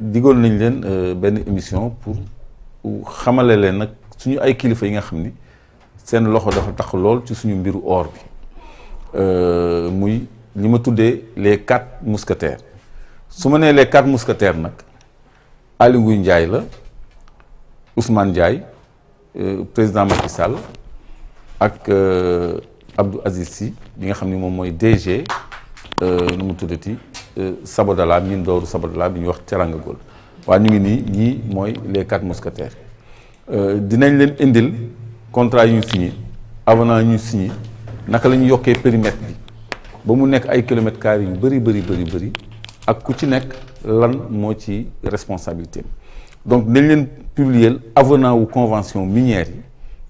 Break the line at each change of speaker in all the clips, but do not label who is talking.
digoon nañ leen benn émission pour xamale leen nag suñu ay kilifa yi nga xam ni seen loxo dafa tax lool ci suñu mbiru or bi muy li ma tuddee les quatre mousquetaires su ma nee les quatre mousquetaires nag Aliou Ngouille Ndiaye la Ousmane Ndiaye président Macky Sall ak Abdou Aziz Sy bi nga xam ni moom mooy DG nu mu tuddati. Euh, Sabodala min dooru Sabodala bi wax Teranga gol wa ñu ngi ni ñi moy les quatre mousquetaires euh, dinañ leen indil contrat yu signé avenant ñu signé naka la yoké périmètre bi ba mu nekk ay kilomètres carrés yu bari bari bari bari ak ku ci nekk lan mo ci responsabilité donc nañ leen publier avenant ou convention minière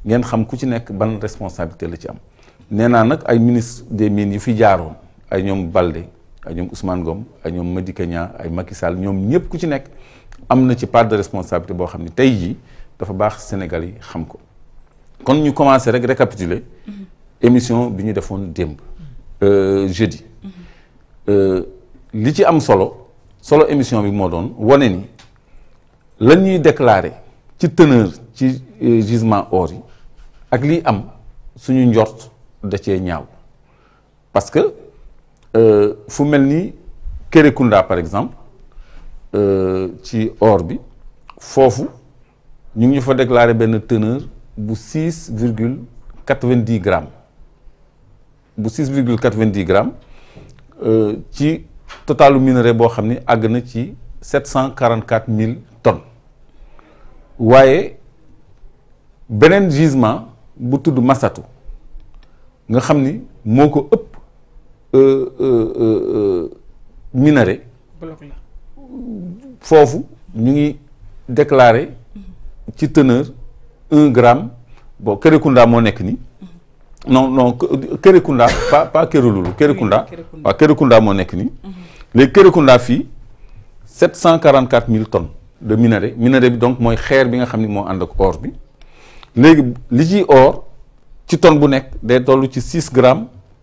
ngeen xam ku ci nekk ban responsabilité la ci am nee nak ay ministre des mines yu fi jaaroon ay ñom Balde ay ñoom Ousmane Ngom ay ñoom Madické Niang ay Macky ñoom ñëpp ku ci nekk am na ci part de responsabilité boo xam ni tey jii dafa baax Sénégal yi xam ko kon ñu commencé rek récapituler mm-hmm. émission bi ñu defoon démb euh, jeudi mm-hmm. euh, li ci am solo solo émission bi moo doon wane ni la ñuy déclarer ci teneur ci euh, gisement or yi ak lii am suñu njort da cee ñaaw parce Euh, Fumelni mel Kerekunda par exemple qui euh, or bi Fofu, nous fa déclaré benn teneur bu 6,90 virgule grammes bu six virgule grammes euh, ci totalu minerai de 744 000 tonnes. Vous ci sept tonnes gisement bu tout Massatou nga xam que minéré. Fofu, nous avons déclaré qu'il teneur 1 gramme. Bon, Kerekunda, mon ni. Non, non, Kerekunda, pas, pas Kerouloulou, Kerekunda. Oui, pas Kerekunda, mon ni. Mm -hmm. Le Kerekunda fille, 744 000 tonnes de minéré. Minéré, donc, moi, cher, bien, je suis en or. Le Ligi or, qui tonne bonnet, d'être dans 6 grammes.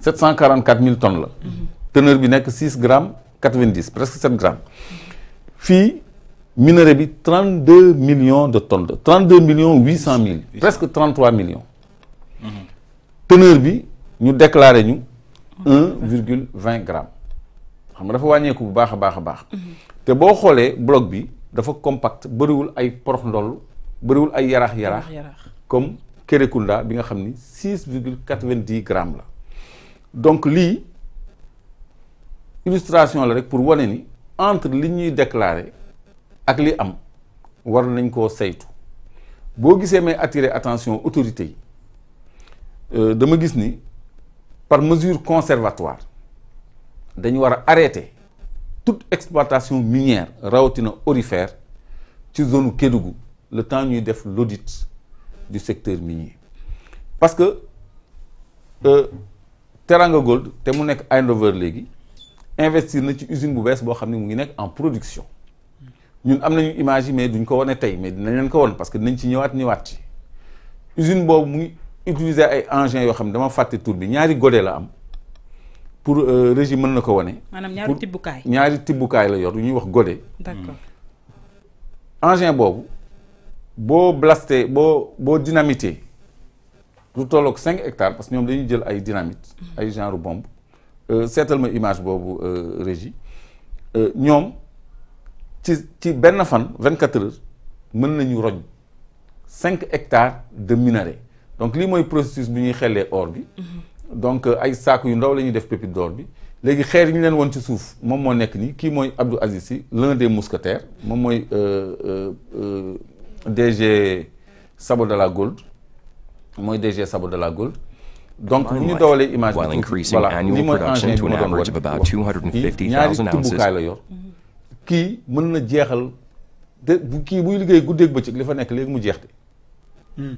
744 000 tonnes la. Mhm. teneur bi nekk 6 grammes 90 presque 7 grammes. fii minerai bi 32 millions de tonnes 32 millions 800 000. presque 33 millions. Mhm. teneur bi nous déclarons nous 1,20 grammes. xam nga dafa wàññeeku bu baax a baax a mhm. bloc bi dafa compact bëriwul ay porox ndoll bëriwul ay yaraax yaraax. comme Kerekunda, bi nga xam 6,90 grammes donc li illustration la rek pour wane ni entre li ñuy déclarer ak li am war nañ ko saytu bo vous may attirer attention autorité yi euh, dama gis ni par mesure conservatoire dañ wara arrêter toute exploitation minière rawatina orifère ci zone Kédougou le temps ñuy def l'audit du secteur minier parce que euh, Teranga Gold Eindhoven investir na une usine qui en production Nous avons une image mais duñ ko une mais parce que nous ci ñëwaat ñëwaat usine boobu mu ngi engins dama pour régime euh, régime. ko ñaari ñaari la yor Nous wax d'accord engin boobu bo blasté dynamité lu tolok 5 hectares parce que ñoom dañuy jël ay dynamite ay genre bombe euh, seetal ma image bobu euh régie euh ñom ci ci ben fan 24 heures mën nañu roñ 5 hectares de minerai donc li moy processus bu ñuy xellee or bi donc euh, ay sac yu ndaw lañu def pépite d'or bi légui xeer ñu leen won ci souf mom mo nek ni ki moy Abdou Aziz Sy l'un des mousquetaires mom moy euh euh, euh DG Sabo de la Gold mooy DG Sabo de la Goule donc bu ñu doolee image bi tuuti voilà li ma doon
wan
kii ñaari tumbukaay la yor kii mën na jeexal te bu kii buy liggéey guddeeg bëccëg li fa nekk léegi mu jeex de hmm.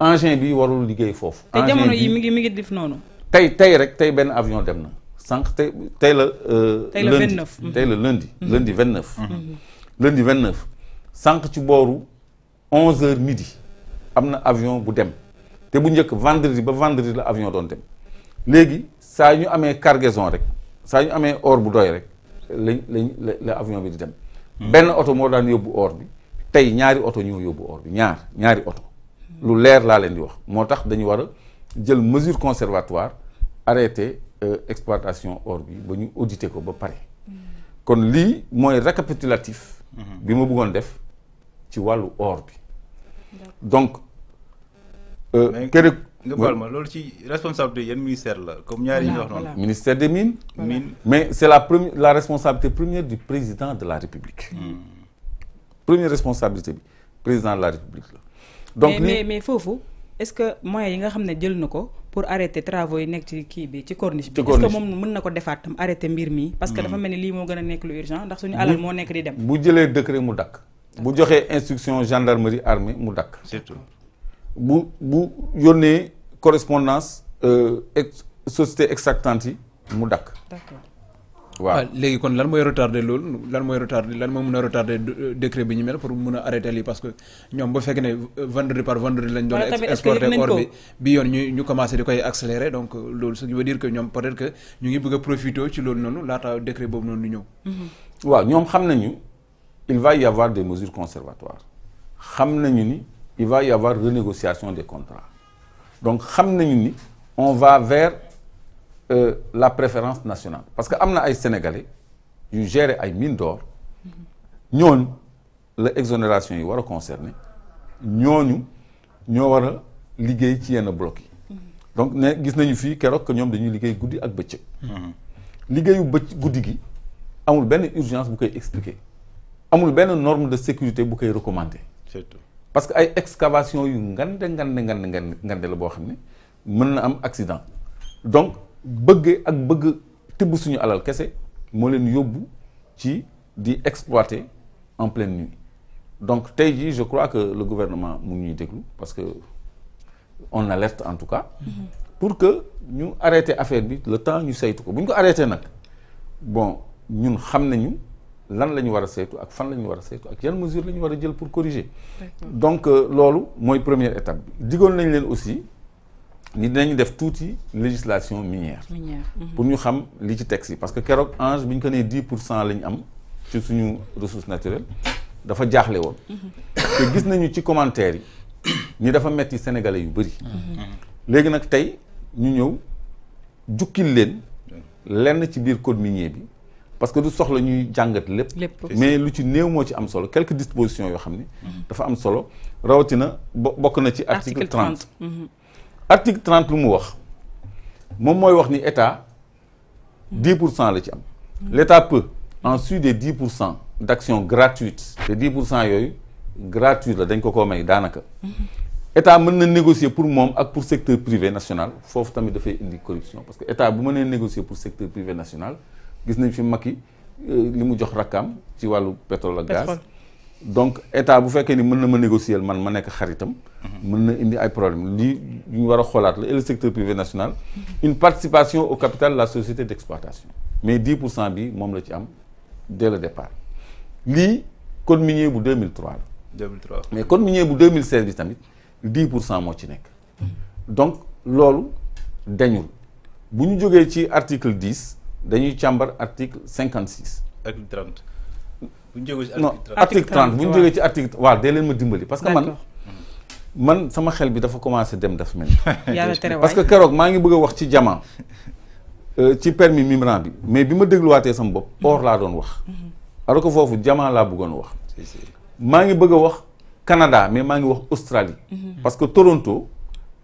engin bi warul liggéey foofu te jamono yi mi
ngi mi ngi def noonu
tey tey rek tey benn avion dem na sanq tey tey la lundi euh, tey la lundi hmm. lundi vingt hmm. neuf lundi vingt neuf sànq ci booru onze heures midi am na avion bu dem te bu vendredi ba vendredi la avion doon dem ça saa ñu amé cargaison rek saa ñu amé or bu doy rek lañ la avion bi di dem. Hmm. Ben auto mo daan yóbbu or bi tay ñaari auto ñoo yóbbu or bi ñaar ñaari auto. lu hmm. leer la leen di wax dañu jël mesure conservatoire arrêté euh, exploitation or bi ba ñu audité ko ba paré. Hmm. kon li récapitulatif. bi ma tu def ci walu or bi. donc. Euh, kër nga
baal ci responsabilité yenn ministère la comme ñaari yi wax
ministère des mines. mines mais c'est la première la responsabilité première du président de la république. Hmm. première responsabilité bi président de la république la. donc mais
mais fofu est ce que moyens yi nga xamné ne jël na pour arrêter travaux yi nek ci ki bi ci corniche bi est-ce que mom mën nako défat tam arrêter mbir mi parce que hmm. dafa melni li mo gëna nek lu urgent ndax suñu alal mo nek di dem
bu jëlee décret mu dak bu joxé instruction gendarmerie armée mu C'est tout bu bu yónnee correspondance euh, société extractante yi mu dakk
waaw ah, léegi kon lan moy retardé lool lan moy retardé lan mo meuna retardé euh, décret bi ñu mel pour meuna arrêter li parce que ñom ba fekk ne euh, vendredi par vendredi lañ doon exporter or bi bi yoon ñu ñu commencé dikoy accélérer donc lool ce qui veut dire que ñom peut-être que ñu ngi bëgg profiter profité ci loolu noonu laata
décret bobu nonu ñëw mm-hmm. waaw ñom xam nañu il va y avoir des mesures conservatoires xam nañu ni il va y avoir renégociation des contrats. Donc, on va vers euh, la préférence nationale. Parce que les Sénégalais, qui gèrent les mines d'or, ont l'exonération est concernée, nous, nous avons qui est Donc, nous avons vu que nous avons goudi ak qui goudi gi urgence expliquer. norme de sécurité bu recommander. C'est tout parce que ay excavations yu ngande ngande ngande ngande ngande la boo xam mën na am accident donc bëgg ak bëgg tibbu suñu alal kessé mo leen yobbu ci di exploiter en pleine nuit donc tay ji je crois que le gouvernement mu ñuy déglu parce que on alerte en tout cas mm-hmm. pour que ñu arrêter affaire bi le temps ñu saytu ko buñ ko arrêter nak bon ñun xam nañu lan lañu wara war ak fan lañu wara war ak yan mesure lañu wara jël pour corriger donc euh, lolu moy première étape bi digoon nañ leen aussi ni dinañu def touti législation minière mhm. pour ñu xam li ci texte parce que kérok ange biñ ko né 10% pour am ci suñu ressources naturelles dafa jaxlé won mhm. te gis nañu ci commentaire yi ñi dafa metti sénégalais yu bari mhm. légui nak tay ñu ñëw jukkil len lenn ci biir code minier bi parce que du soxla ñuy jangat lepp mais lu ci néew mo ci am solo quelques dispositions yo xamni dafa am solo rawatina bokk na ci article 30 article 30 mhm. lu mu wax mom wax ni état 10 la ci am mhm. l'état peut en sus des 10 d'actions gratuites Les 10 pour cent gratuite la dañ ko ko may mhm. état na négocier pour mom ak pour secteur privé national fofu tamit fay indi corruption parce que état bu négocier pour secteur privé national gis nañ fi Macky euh, li mu jox rakkaam ci wàllu pétrole gaz donc état bu fekkee ni mën ma négocier man ma nekk xaritam mhm. mën na indi ay problème lii ñu war le secteur privé national une participation au capital de la société d'exploitation mais 10 de cent bi moom la ci am dès le départ lii code minier bu 2003 2003 mais code minier bu 2016 bi tamit 10 pour cent ci nekk donc loolu dañul bu ñu jógee ci article 10 dañuy chamber article 56.
article 30. article 30.
article parce que man. man sama xel bi dafa commencé dem parce que quand ma ngi bëgg wax ci euh, ci permis mais si je waté sama bop mhm. or la mhm. alors que fofu je la wax. ngi bëgg Canada mais ma ngi wax Australie. Mhm. parce que Toronto.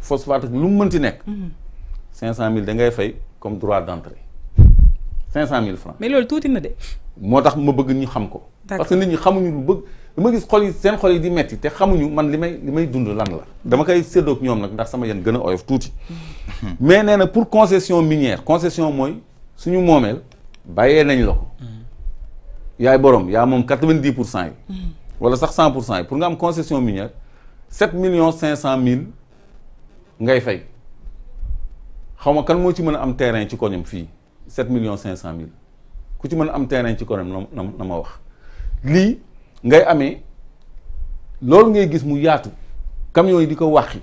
phosphate ak lu mu mënti
500000
mhm. da ngay fay comme droit d'entrée 500000 francs
mais loolu touti na de.
motax ma bëgg ñu xam ko. parce que nit ñi xamuñu lu bëgg. dama gis xol yi seen xol yi di metti te xamuñu man limay limay dund lan la. dama kay seddo ak ñom nak ndax sama yéen gëna a oyof tuuti. Mhm. mais néna pour concession minière concession moy suñu momel bayé nañ lako mhm. yaay borom ya mom 90% yi. wala sax 100% pour yi pour nga am concession minière sept millions cinq ngay fay xaw ma kan moo ci mën a am terrain ci koñam fii sept millions 500 mille ku ci mën a am terrain ci koñam na na ma wax lii ngay amee loolu ngay gis mu yaatu camion yi di ko wàqi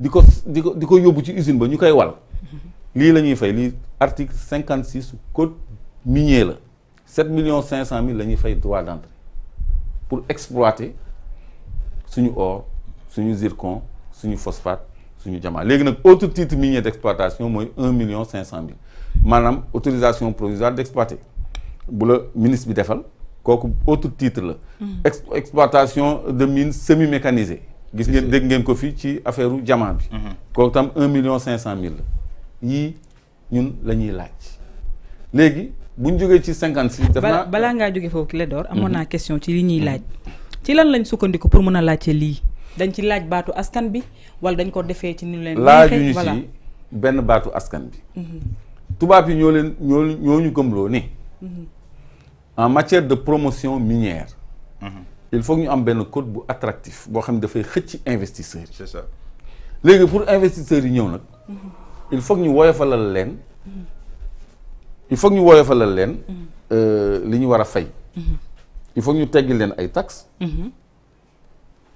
di ko di ko di ko yóbbu ci usine ba ñu koy wal lii la ñuy fay lii article 56 code minier la sept millions 500 mille la ñuy fay droit d'entrée pour exploiter suñu or suñu zircon suñu phosphate suñu nak autre titre minier d'exploitation moy 1 million 500000 manam autorisation provisoire d'exploiter bu le ministre bi défal koku autre titre la hmm. exploitation de mines semi mécanisées gis ngeen deg ngeen ko fi ci affaireu bi hmm. tam 1 million 500000 yi ñun lañuy laaj légui buñ joggé ci 56 defna
bala nga joggé fofu clé d'or amona hmm. question ci li ñuy laaj ci lan lañ pour mëna laaccé li dañ ci laaj baatu askan bi wala dañ ko defee ci ñu leen. laajuñu ci
ben baatu askan bi. Mhm. tubaab yi ñoo leen ñoo ñoo ñu gëmloo ne. Mhm. en matière de promotion minière. Mhm. il faut ñu am ben code bu attractif bo xam da fay xëc investisseur c'est ça légui pour investisseur yi ñëw nag. il faut ñu woyofalal leen. il faut ñu woyofalal leen. Euh, li ñu wara a fay. il faut ñu teggi leen ay taxes.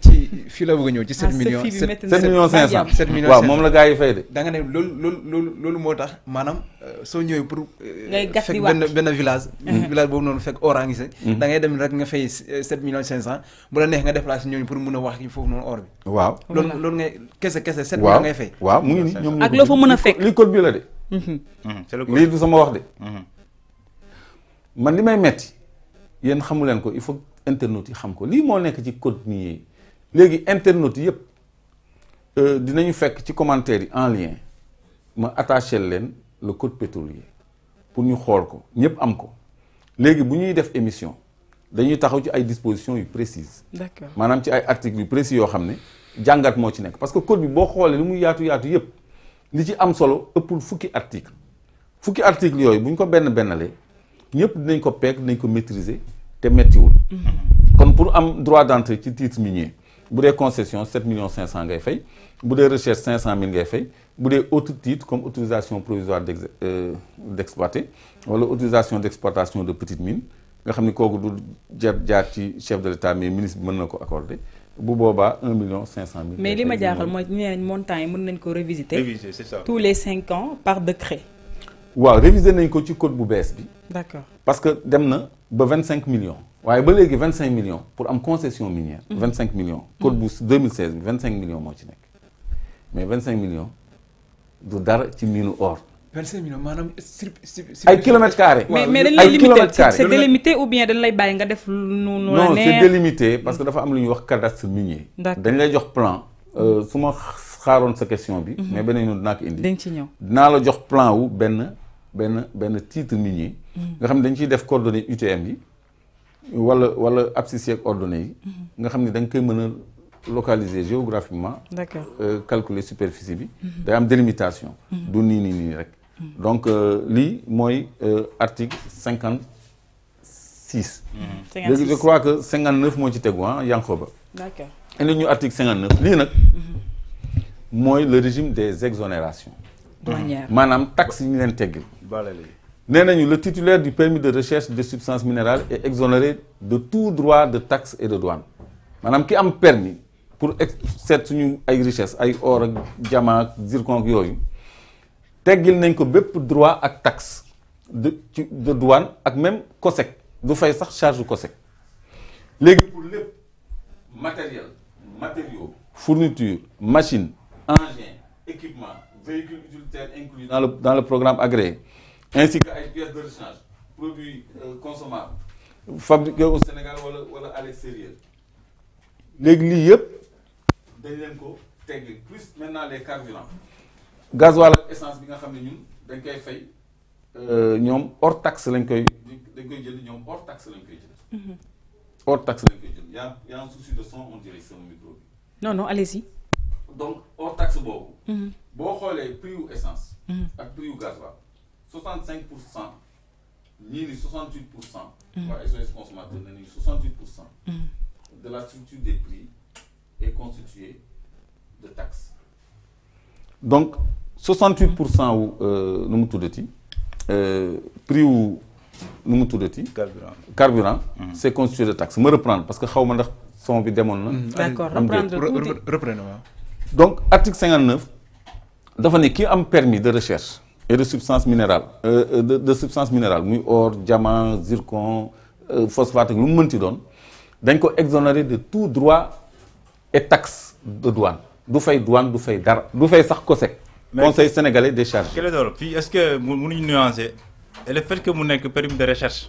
ci fii la bëgg ñëw ci 7 ah, millions. 7 millions 500 7 millions 500 waaw moom la gars yi fay de. da ne loolu loolu moo tax maanaam euh, soo ñëwee pour. Euh, ngay fekk benn benn village. Mhm. village boobu noonu fekk or a ngi se. Mhm. da ngay dem rek nga fay 7 euh, millions 500 bu la neex nga déplacé ñooñu pour mun a wax foofu noonu or bi. waaw loolu loolu ngay kese kese 7 millions ngay fay. waaw mu ngi nii ak loo fa mën a
fekk de. Mhm. lii yéen xamu ko il faut internet yi xam ko lii moo nekk ci contenu yi léegi internautes yëpp euh, dinañu fekk ci commentaires yi en lien ma attaché leen le code pétrolier pour ñu xool ko ñëpp am ko léegi bu ñuy def émission dañuy taxaw ci ay dispositions yu précises. d'accord maanaam ci ay articles yu précis yoo xam ne jàngat moo ci nekk parce que code bi boo xoolee li muy yaatu yaatu yëpp li ci am solo ëppul fukki article fukki article yooyu bu ñu ko benn bennalee ñëpp dinañ ko pek dinañ ko maîtriser metti wul comme pour am droit d'entrée ci titre minier bu dé concession 7 millions 500 ngay fay bu recherche 500 000 ngay fay bu autre titre comme autorisation provisoire euh, d'exploiter wala autorisation d'exploitation de petites mines nga xamni ni du ci chef de l'État mais ministre bi accordé bu boba 1 500 000. mais lima ma moy
mooy montant yi mën nañ ko c'est ça tous les 5 ans par décret.
Oui, révisé le code de D'accord. Parce que dem a 25 millions. Oui, 25 millions pour une concession minière. 25 mm. millions. code de 2016, 25 millions. Mais 25 millions, c'est dar ci minu or.
25 millions, madame, c'est... Un kilomètre carré. Mais c'est délimité ou bien c'est délimité Non, c'est
délimité, parce que c'est le cadastre minier. D'accord. C'est un plan. Euh, xaaroon sa question bi. Mhm. mais beneen yoon dinaa ko indi. dañ ci ñëw dinaa la jox plan wu benn benn benn titre minier. Mhm. nga xam ne dañ ciy def coordonnées UTM yi. wala wala abscisse et ordonnées yi. Mhm. nga xam ne da nga koy mën a localiser géographiquement. euh, calculer superficie bi. day am délimitation. du nii nii nii rek. donc euh, lii mooy euh, article 56, six. je crois que 59 neuf moo ci tegu ah yankoba. ngi ko d'accord indi ñu article 59, li lii nag. Moy le régime des exonérations. Madame, taxe taxe ñu le titulaire du permis de recherche de substances minérales est exonéré de tout droit de taxe et de douane Madame, qui a un permis pour cette suñu ay richesse ay or ak diamant zircons, zircon avons teggil nañ ko droit ak taxe de de douane ak même COSEC du fay sax charge COSEC Les pour fournitures, les matériaux fournitures, machines, engins, équipements, véhicules utilitaires inclus dans le, programme agréé, ainsi que pièces de rechange, produits euh, consommables, fabriqués au Sénégal ou à l'extérieur. plus maintenant les carburants. Gasoil essence, euh, hors taxe
hors taxe mhm.
hors y' a un souci de son on dirait
non non allez-y
donc hors taxe bon mhm. boo xoolee prix ou essence. Mhm. ak prix ou gaz 65 ni 68 68 mhm. de la structure des prix est constituée de taxes. donc 68 pour nous euh, euh, wu nu prix ou nu mu carburant carburant. c'est est constitué de taxes vais reprendre parce que je sais que son bi demoon na. D'accord. reprendre donc article 59 qui a un permis de recherche et de substances minérales euh, euh, de, substance minérale or diamant zircon euh, phosphate tout lu monde mënti donne, exonéré de tout droit et taxe de douane du fay douane du fay dar, du fay sax COSEC conseil sénégalais des charges.
est le Puis est-ce que mënuñu nuancer le fait que pas un permis de recherche.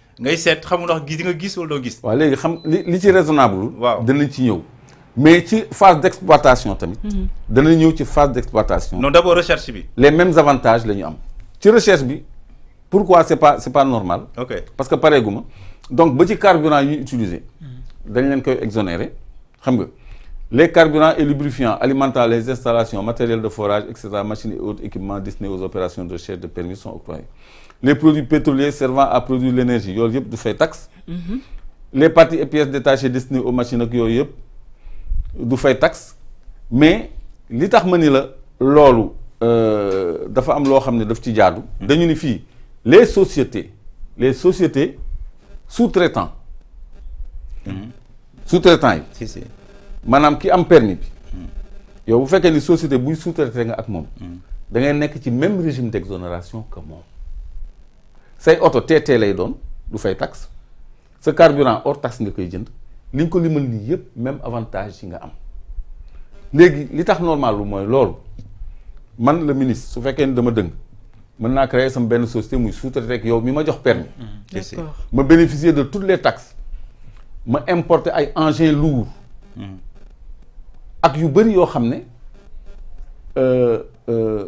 ngay seet xamul wax gis nga gis wala
doo gis. waaw léegi xam li ci raisonnable. waaw danañ ci ñëw. mais ci phase d'exploitation. exploitation tamit. Mhm. dana ñëw ci phase d' non d' recherche bi. les mêmes avantages la ñu am. ci recherche bi pourquoi c' est pas c' pas normal. ok parce que pareil, guma donc ba ci carburant yu utilisé. dañ leen koy exonérer xam nga les carburants et lubrifiants alimentant les installations matériel de forage et cetera machines et autres équipements destinés aux opérations de recherche de permis sont octroyés les produits pétroliers servant à produire l'énergie yooyu yëpp dafay taxe les parties et pièces détachées destinées aux machines ak yooyu yëpp du fay taxe mais li tax ma ni la loolu euh, dafa am loo xam daf ci jaadu les sociétés les sociétés sous-traitants mhm. sous-traitants si. maanaam ki am permis bi faites mhm. bu les ni société sous-traité nga moi moom mhm. da ngay même régime d'exonération que moi c'est auto TT lay don taxe ce carburant hors taxe nga koy jënd même avantage yi nga am normal lu le ministre su fekkee dama dëng créer sama société muy sous-traité yow mi mm-hmm. Mm-hmm. bénéficier de toutes les taxes ma importer ay engins lourds mm-hmm. ak yu euh, euh,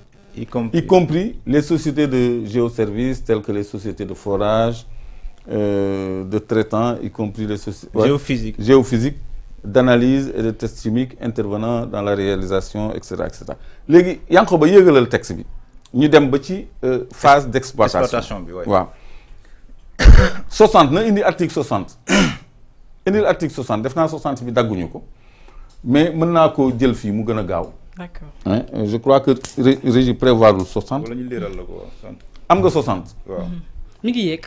Y compris. les sociétés de géoservices telles que les sociétés de forage, euh, de traitement y compris les sociétés géophysiques, d'analyse et de tests chimiques intervenant dans la réalisation, etc. etc. a yankoba texte euh, phase d'exploitation. 60 article 60. article 60 l'article 60 mais d'accord hein? je crois que régime prévoit 60. 60. am 60.
de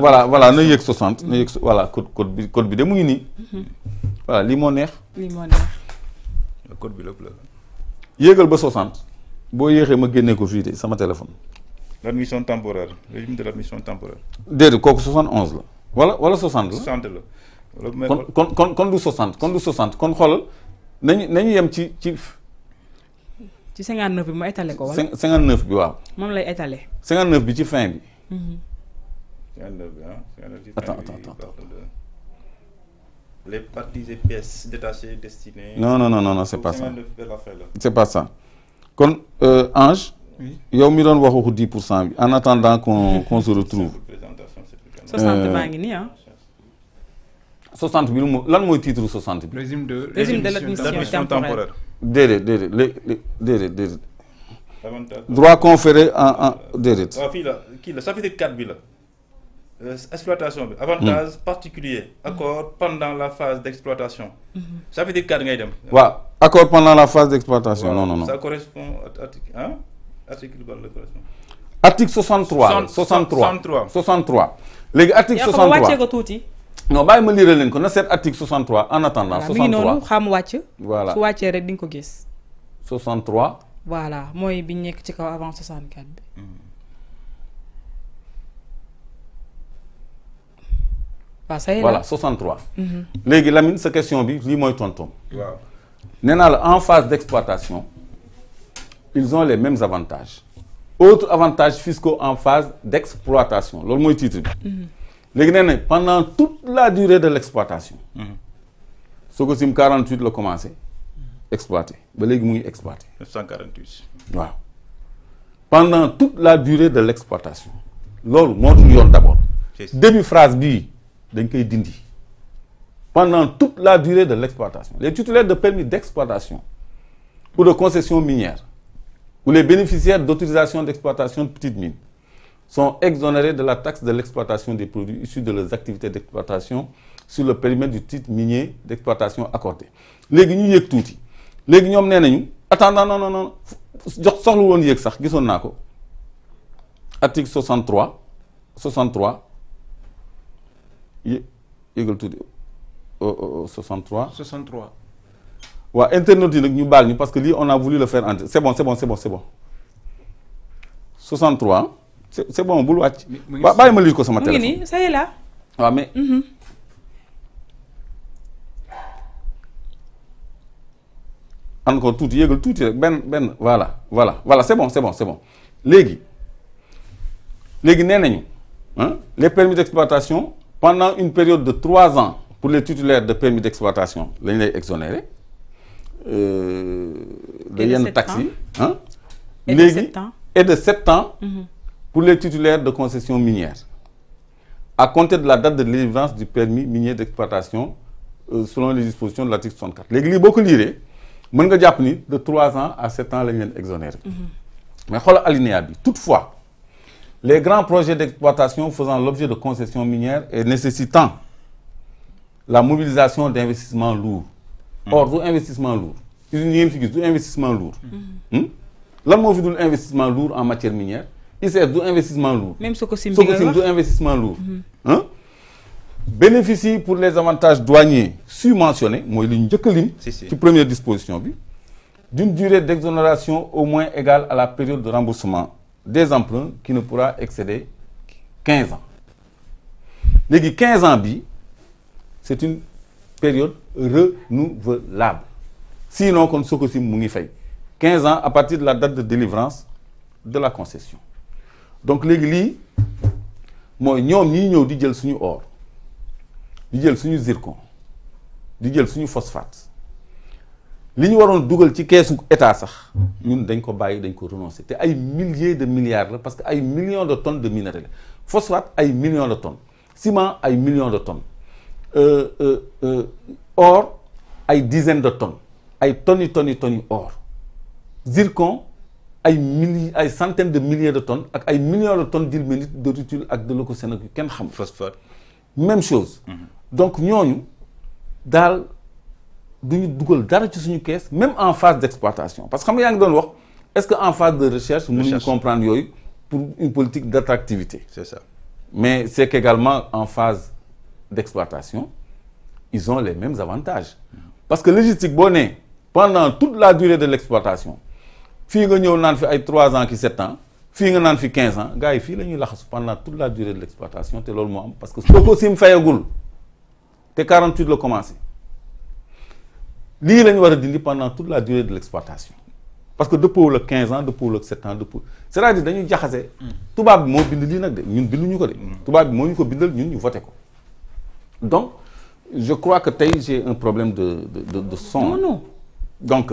voilà voilà 60.
voilà code code code mhm. voilà limonère. Limonère. code 60 ma téléphone. l'admission temporaire régime de l'admission temporaire. Dès le 71 Voilà voilà 60 60 60 60 nañu nañu yem ci ci.
ci 59 bi mu étalé ko wala.
59 bi waaw.
mom lay étalé.
59 bi ci fin bi. 59 mhm.
bi ah fin attends attends attends les parties et pièces détachées destinées. non non non non c'est pas ça
c'est pas ça kon euh, Ange. yow mi doon waxu 10 bi en attendant qu'on qu'on se retrouve. 60 euh, baa ngi hein 60 000, là lan titre 60 000 régime de régime l'admission temporaire déedéet déedéet léegi droit conféré en en déedéet.
Ah, ça fait 4 000 euh, exploitation avantage hmm. particulier. accord pendant la phase Ça mm-hmm. Ça fait 4 000 dem.
accord pendant la phase d'exploitation, non non non
ça correspond à article 1, hein? correspond.
article 63. 63 63 les article 63 non bàyyi ma lire leen ko na article 63 en attendant. 63
voilà su wàccee rek di ko gis.
63.
voilà mooy bi nekk ci kaw avant 64 bi. Hmm. waaw ça y voilà 63. Mhm.
léegi Lamine sa question bi lii mooy tontom. waaw nee en phase d'exploitation ils ont les mêmes avantages. autres avantages fiscaux en phase d'exploitation loolu mooy titre bi. Mhm. Les pendant toute la durée de l'exploitation. exploitation. 48 le commencé exploité ba exploité.
948.
pendant toute la durée de l'exploitation, exploitation loolu moo d'abord. d'abord. début phrase bii pendant toute la durée de l'exploitation, les titulaires de permis d'exploitation ou de concession minière ou les bénéficiaires d'autorisation d'exploitation de petites mines sont exonérés de la taxe de l'exploitation des produits issus de leurs activités d'exploitation sur le périmètre du titre minier d'exploitation accordé Les ñu yéeg tuuti Les ñoom nee attendant non non non jox soxlu woon yéeg sax gisoon article 63 63 yé yéegal 63. 63. waaw Internet, nous ñu parce que lui on a voulu le faire c'est bon c'est bon c'est bon c'est bon 63 c'est bon bul Bah, waaw bàyyi ma ko sama téléphone ça y est là. Ah, mais. Mhm. encore tout il tuuti rek ben voilà voilà voilà c'est bon c'est bon c'est bon Légui. Légui, nee hein, les permis d'exploitation pendant une période de trois ans pour les titulaires de permis d'exploitation les lay exonérés. Euh, de taxi hein.
et
de sept ans. Mhm pour les titulaires de concessions minières, à compter de la date de délivrance du permis minier d'exploitation euh, selon les dispositions de l'article 64. Les beaucoup beaucoup de 3 ans à 7 ans les leen exonéré. Mhm. mais xoolal alinéa toutefois les grands projets d'exploitation faisant l'objet de concessions minières et nécessitant la mobilisation d'investissements lourds. Mhm. or vous investissements lourd une une investissement lourd. Mhm. Hmm? lan investissement lourd en matière minière. Il du investissement lourd. même que c'est investissement lourd. Mhm. Hein? bénéficie pour les avantages douaniers subventionnés c'est première disposition d'une durée d'exonération au moins égale à la période de remboursement des emprunts qui ne pourra excéder 15 ans Les 15 ans c'est une période renouvelable sinon comme ce que 15 ans à partir de la date de délivrance de la concession donc les gens qui ont ñi ñëw di or di jël zircon di jël phosphate li ñu nous devons ci keesu état sax ñun dañ ko dañ ko renoncer milliers de milliards qu'il parce que des millions de tonnes de minerais Phosphate phosphate ay millions de tonnes ciment ay millions de tonnes euh, euh, euh, or ay dizaines de tonnes ay tonnes yu tonnes tonnes or zircon ay y ay centaines de milliers de tonnes ak ay millions de tonnes d'huile de rutile ak de leucocène xam même chose mhm. donc nous, dal du duggal dara ci suñu même en phase d'exploitation parce que xam nga yaa ngi wax est-ce que en phase de recherche nous comprendre yooyu pour une politique d'attractivité c'est ça mais c'est qu'également en phase d'exploitation ils ont les mêmes avantages mhm. parce que logistique boo pendant toute la durée de l'exploitation Fille nga ñëw 3 ans qui 7 ans que nga naan 15 ans gars la pendant toute la durée de l'exploitation. C'est parce que nous avons 48 ans commencé vous pendant toute la durée de l'exploitation. parce que vous le 15 ans vous le 7 ans depuis. pour à dire de ñun nous donc je crois que j'ai un problème de de de son. non non donc.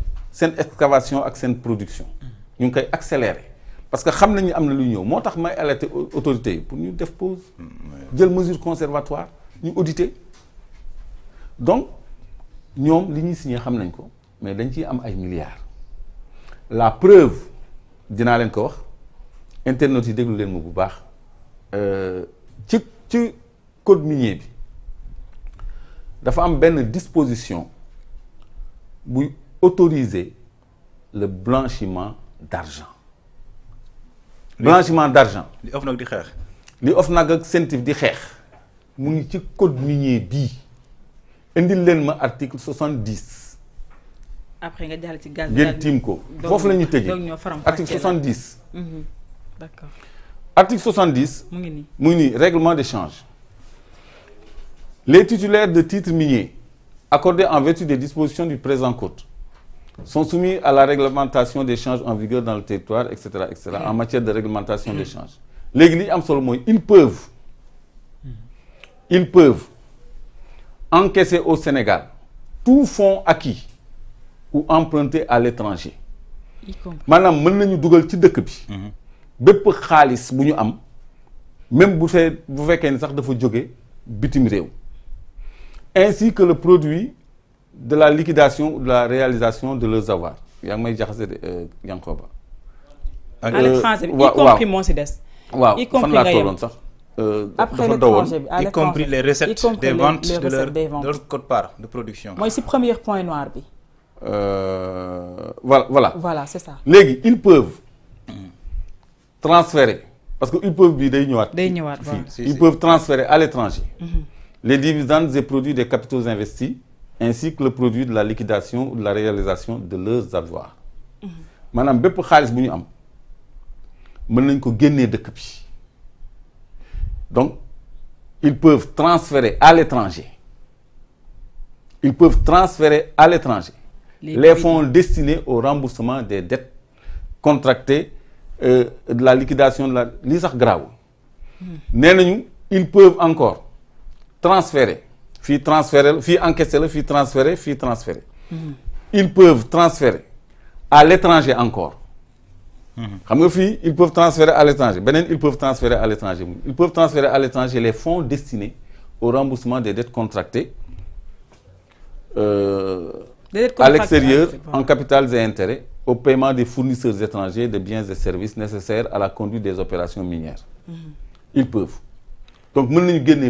cette excavation ak production ñu ngi koy accélérer parce que xam nañu am lu ñëw motax may alerter pour ñu def pause mm, jël mesure conservatoire ñu auditer donc ñom li ñi signé xam nañ ko mais dañ ci am ay milliards la preuve dina len ko wax internautes yi déglu len tu bu baax euh, ci ci code minier bi dafa am ben disposition bu autoriser le blanchiment d'argent. blanchiment d'argent. Les offres di xeex. li OFNAC ak CENTIF di ci code minier bi. indil leen ma article soixante dix.
après nga a ci
gaz. ngeen
tiim ko foofu article soixante dix.
Mhm. d'accord
article soixante dix. mu ngi nii règlement d'échange. les titulaires de titres miniers accordés en vertu des dispositions du présent code sont soumis à la réglementation d'échange en vigueur dans le territoire, etc. etc. en matière de réglementation d'échange. L'église, absolument, ils peuvent ils peuvent encaisser au Sénégal tout fonds acquis ou emprunté à l'étranger Maintenant, nous nañu dugal ci dëkk bi mhm. bépp xaalis bu am même bu faites, vous faites ni sax dafa jóge bitim ainsi que le produit de la liquidation ou de la réalisation de leurs avoirs yaa ngi may jaxase euh, Yankoba. à euh, l'étranger y compris mon CDS. Euh,
y
compris les recettes des ventes de
leur code part de production. Moi
ici, premier point noir voilà voilà. c'est ça.
ils peuvent transférer parce qu'ils peuvent ils peuvent transférer à l'étranger. Mhm. les dividendes et produits des capitaux investis ainsi que le produit de la liquidation ou de la réalisation de leurs avoirs Madame les am donc ils peuvent transférer à l'étranger ils peuvent transférer à l'étranger les, fonds destinés au remboursement des dettes contractées euh, de la liquidation de la grave. Hmm. ils peuvent encore transférer fi transférer, fi ils peuvent transférer à l'étranger encore ils peuvent transférer à l'étranger ils peuvent transférer à l'étranger ils peuvent transférer à l'étranger les fonds destinés au remboursement des dettes contractées euh, à l'extérieur ah en capital et intérêts au paiement des fournisseurs étrangers de biens et services nécessaires à la conduite des opérations minières mhm. ils peuvent donc nous nañu de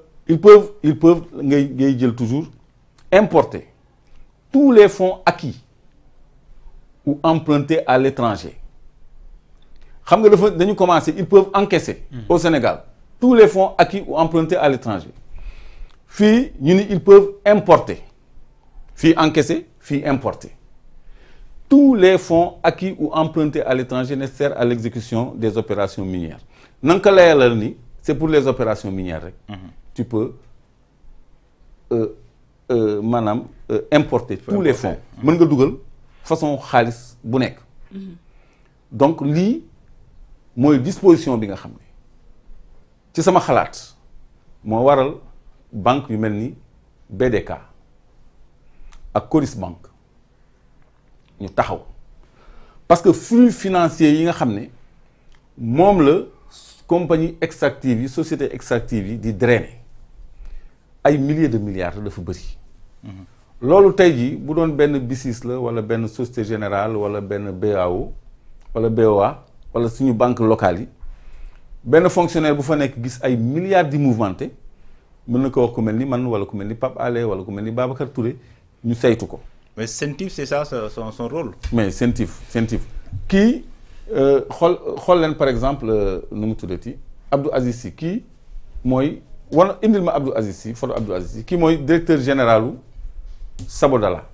ils peuvent ils peuvent toujours importer tous les fonds acquis ou empruntés à l'étranger commencer ils peuvent encaisser hmm. au Sénégal tous les fonds acquis ou empruntés à l'étranger Puis, ils peuvent importer puis encaisser puis importer tous les fonds acquis ou empruntés à l'étranger nécessaires à l'exécution des opérations minières c'est pour les opérations minières tu peux euh, euh, manam, euh, importer tous les fonds mën nga dugal façon xaalis bu nekk mhm. donc li mooy disposition bi nga xamné ci sama xalat mo waral banque yu Melni BDK ak Coris Bank ñu taxaw parce que flux financier yi nga xamné mom moom la compagnie extractive société extractive di drainer ay milliers de milliards dafa bëri. loolu tey jii bu doon benn BICIS la wala benn Société Générale wala benn BAO wala BOA wala suñu banque locale yi benn fonctionnaire bu fa nekk gis ay milliards di mouvementé mën na ko wax ku mel ni man wala ku mel ni Pape Alé wala ku mel ni Babacar Touré ñu saytu ko.
mais CENTIF c'est ça son son rôle.
mais CENTIF CENTIF kii euh, xool xool leen par exemple euh, nu mu tuddati Abdou Aziz Sy kii mooy wan indil ma Abdou photo Abdou Aziz euh, euh, qui est directeur Sabodala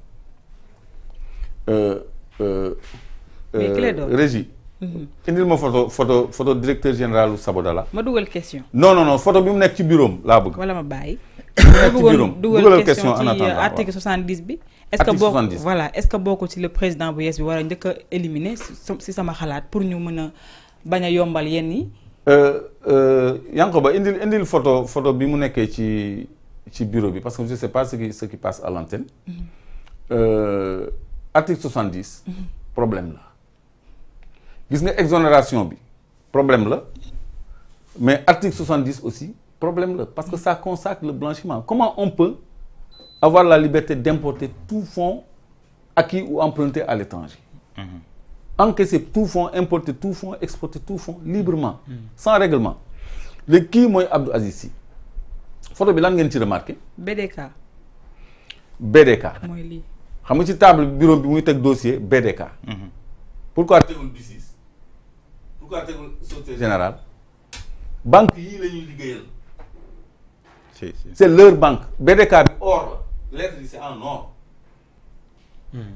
régie mhm. indil ma photo photo photo directeur de Sabodala ma
question
non
non non photo bi mu bureau Voilà, ma bàyyi question euh, article 70 est-ce que
voilà est-ce que le président bu bi pour nous,
euh, euh, Yankoba indil indil photo photo qui est bureau parce que je ne sais pas ce qui passe à l'antenne mm-hmm. euh, article 70 mm-hmm. problème là. exonération problème là. mais article 70 aussi problème là parce que ça consacre le blanchiment comment on peut avoir la liberté d'importer tout fonds acquis ou emprunté à l'étranger mm-hmm encaisser tout fonds importer tout fonds exporter tout fonds librement sans règlement Le qui, est Abdou Azizi Il photo bi lan ngeen BDK BDK Je ne xam nga ci table bureau bi dossier BDK mhm. pourquoi tegul BICIS pourquoi tegul société Général. banque Les la ñuy c'est leur banque BDK est or l'être c'est en or mhm.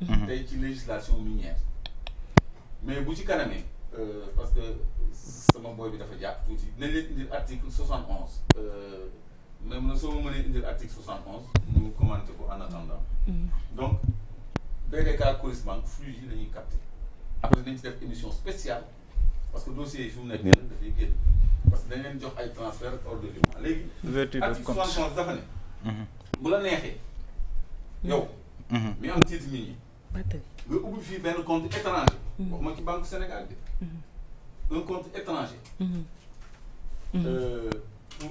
Mhm. tay ci législation minière mais bu ci kanamé euh parce que sama boy bi dafa japp touti na leen indi article 71 euh même na sama mëne indi article 71 nous commenter ko en attendant mhm. donc BDK Coris Bank flux yi lañuy capté après dañ ci def émission spéciale parce que dossier yi fu nekk ñen dafay gën parce que dañ leen jox ay transfert hors de jugement légui article 71 dafa né mhm. bu la neexé yow mi am compte étranger. qui mhm. banque
Sénégal mhm. un compte étranger. Mhm.
Euh, pour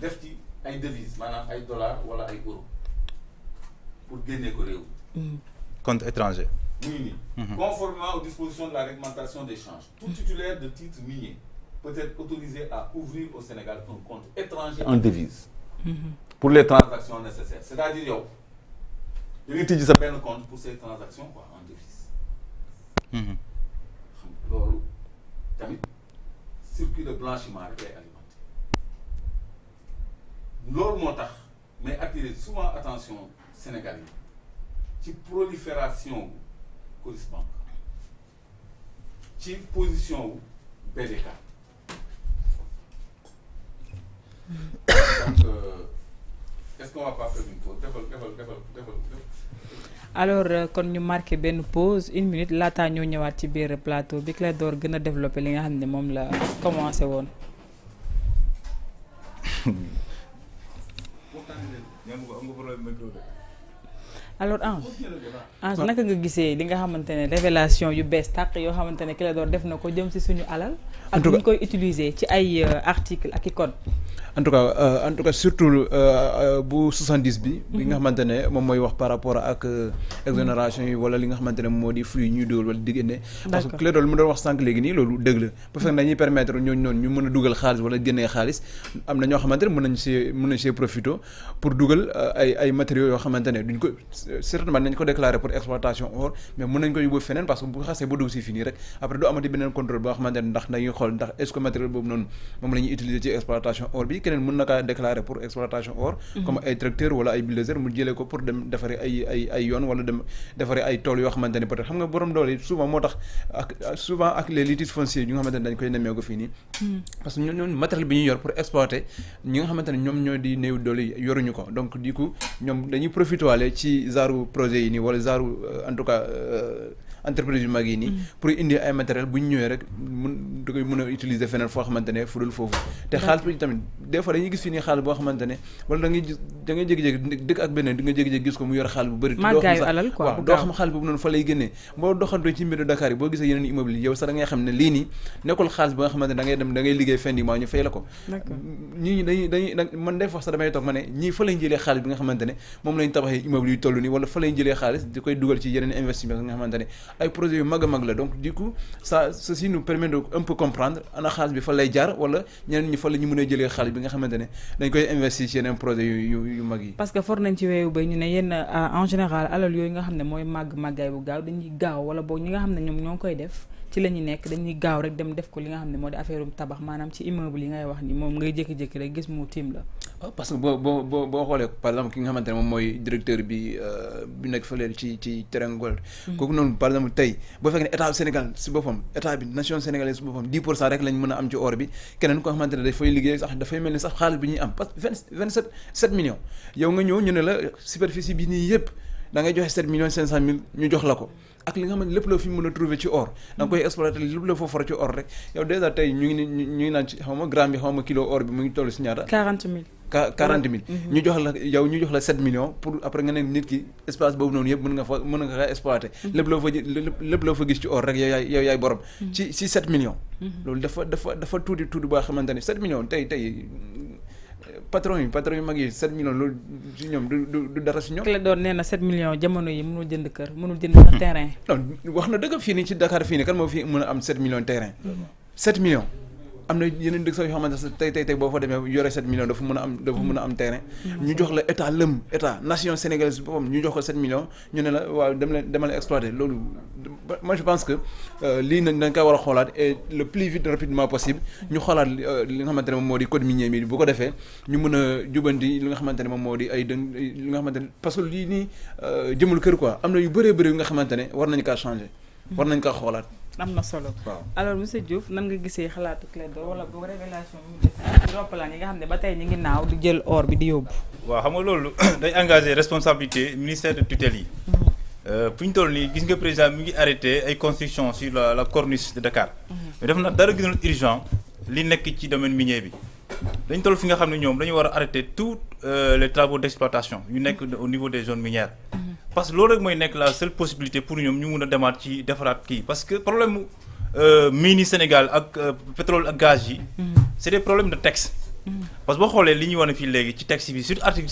def ci ay devises dollar ay dollars wala ay euros pour gagner ko
compte étranger. oui
conformément aux dispositions de la réglementation d'échange tout titulaire de titre minier peut être autorisé à ouvrir au Sénégal un compte étranger en devise
pour les transactions
nécessaires c'est-à-dire il y a sa compte pour ces transactions en déficit. Mhm. tamit circuit de blanchiment rek alimenté mais attiré souvent attention sénégalais. qui la prolifération correspond. Coris position BDK est-ce qu'on va pas faire une pause defal defal defal defal
alors quand euh, nous marqué benn pause une minute laataa ñoo ñëwaat ci biir plateau bi Clédor gën a développé li nga xam ne moom la commencé woon.
waxtaan nga problème micro de
alors Ange ans naka nga gisee li nga xamantene révélation yu bees tàq yoo xamante ne Clédor def nako jëm ci suñu alal ak ñu koy utiliser ci ay euh, article ak i code
en tout cas euh, en tout cas surtout euh, bu 70 bi bi nga mhm. xamantene mom moy wax par rapport ak exonération yi wala li nga xamantene ne moo di flux ñuy dugal wala diggante parce que Clédor mu doon wax sank légui ni lolu dëgg la parce que dañuy permettre ñoo ñoon ñu mëna duggal dugal wala génnee xaalis am na ñoo xamante ne mën nañ see profito pour duggal ay ay matériaux yo xamantene duñ ko euh, certainement nañ ko déclarer pour exploitation or mais mën nañ ko yóbbu fenen parce que bu xasee ba dugg rek après do amati benen contrôle boo xamantene ndax dañuy xol ndax est-ce que matériel bobu non mom lañuy utiliser ci exploitation or bi keneen mën naka déclarer pour exploitation or mhm. comme ay tracteur wala ay bulldozer mu jëlé ko pour dem défaré ay ay ay yoon wala dem défaré ay tool yo xamantene peut-être xam nga borom doole souvent motax souvent ak les litiges fonciers yi nga xamante dañ koy némé ko fini hmm. parce que ñoo matériel bi ñuy yor pour exploiter ñi nga xamante ne ñoom di néw doole yoruñu ko donc du coup ñom dañuy profité waale ci genre projet yi nii wala genre euh, en tout cas euh, entreprise yu mag yi nii mm. pour indi ay matériel bu ñu ñëwee rek mun da koy mën a utiliser feneen foo xamante ne fu dul foofu te xaalis bi tamit des fois dañuy gis fii nii xaalis boo xamante ne wala da ngay gis da ngay jékki-jékki dëkk ak beneen di nga jékki-jékki gis ko mu yor xaalis bu bëri waaw doo xam xaalis boobu noonu fa lay génnee boo doxantoo ci mbiru Dakar yi boo gisee yeneen immeuble yi yow sax da ngay xam ne lii nii nekkul xaalis bi nga xamante ne da ngay dem da ngay liggéey fen di maa ñu fay la ko
ñi
dañuy dañuy man des fois sax damay toog ma ne ñii fa lañ jëlee xaalis bi nga xamante ne moom lañ tabaxee immeuble yu toll nii wala fa lañ jëlee xaalis di koy dugal ci yeneen investissement nga xamante ne ay projet yu mag a mag la donc du coup ça ceci nous permet de un peu comprendre ana xaalis bi fa lay jaar wala ñeneen ñi fa la ñu mën a jëlee xaalis bi nga xamante ne dañ koy investir ci yeneen projets yu yu yu mag yi.
parce que for nañ ci weewu bay ñu ne yéen euh, en général alal yooyu nga xam ne mooy mag màggaay bu gaaw dañuy gaaw wala boog ñi nga xam ne ñoom ñoo koy def ci la nekk dañuy gaaw rek dem def ko li nga xam ne moo di affaire um tabax maanaam ci immeuble yi ngay wax ni moom ngay jékki-jékki rek gis mu tiim la
parce que boo boo xoolee par exemple ki nga xamante ne moom mooy directeur bi euh, bi nekk fële ci ci terrain gold hmm. kooku noonu par exemple tey boo fekkee ne état Sénégal si boppam état bi nation sénégalaise si boppam dix pour cent rek lañ mën a am ci or bi keneen ko nga xamante ne dafay liggéey sax dafay mel ni sax xaalis bi ñuy am parce que vingt vingt sept sept bi nii yëpp da ngay joxe sept millions ñu jox la ko ak li nga xam ne lépp la fi mën a trouver ci or da koy exploiter lépp la foofu ci or rek yow dèjà tey ñu ngi naan ci xawma gramme bi xawma kilo or bi mu ngi toll si ñaata. quarante mille ñu jox la yow ñu jox la sept millions pour après nga ne nit ki espace boobu noonu yëpp mën nga fa mën nga kaa exploité mm-hmm. lépp loo fa lépp loo fa gis ci or rek yow yaay yow ci mm-hmm. ci sept millions mm-hmm. loolu dafa dafa dafa tuuti tuuti boo xamante ne sept patron yi patron yi mag yi 7 millions loolu si ñoom du dara si ñoom. Clédor
nee na 7 millions jamono yi mënul jënd kër mënul jënd terrain.
non wax na dëgg fii nii ci Dakar fii nii kan moo fi mën a am 7 millions terrain. 7 millions. am na yeneen dëkk sax yoo xamante ne tey tey tey boo fa demee yore 7 millions dafa mën a am dafa mën a am terrain. Mm-hmm. ñu jox la état lëm état nation sénégalaise boppam ñu jox ko 7 millions ñu ne la waaw dem leen demal exploiter loolu moi je pense que euh, lii nañ dañ koy war a xoolaat et le plus vite rapidement possible ñu xoolaat euh, li nga xamante ne moom moo di code minier bi bu ko defee ñu mën a jubanti li nga xamante ne moom moo di ay dëng li nga xamante ne parce que lii nii euh, jëmul kër quoi am na yu bëree bëri yu nga xamante ne war nañ kaa changer. war nañ kaa xoolaat
am na solo. alors monsieur Diouf nan nga gisee xalaatu Clédor wala boog révélation bi mu def ci roppalaan yi nga xam ne ba tey ñu ngi naaw di jël or bi di yóbbu.
waaw xam nga loolu day engagé responsabilité ministère de tutelle yi. Mhm. Euh, fu ñu toll nii gis nga président mi ngi arrêté ay construction sur la la corniche de Dakar. Mhm. mais def na dara gënal urgent li nekk ci domaine minier bi dañ toll fi nga xam ne dañu arrêter tous euh, les travaux d'exploitation yu nekk au niveau des zones minières mhm. parce que loolu rek nekk la seule possibilité pour nous ñu mun a demaat ci defaraat parce que problème mu euh, mini Sénégal ak euh, pétrole
ak gaz yi mhm. c'est des problèmes de texte mhm. parce que boo xoolee li ñuy wane fii léegi ci texte bi surtout article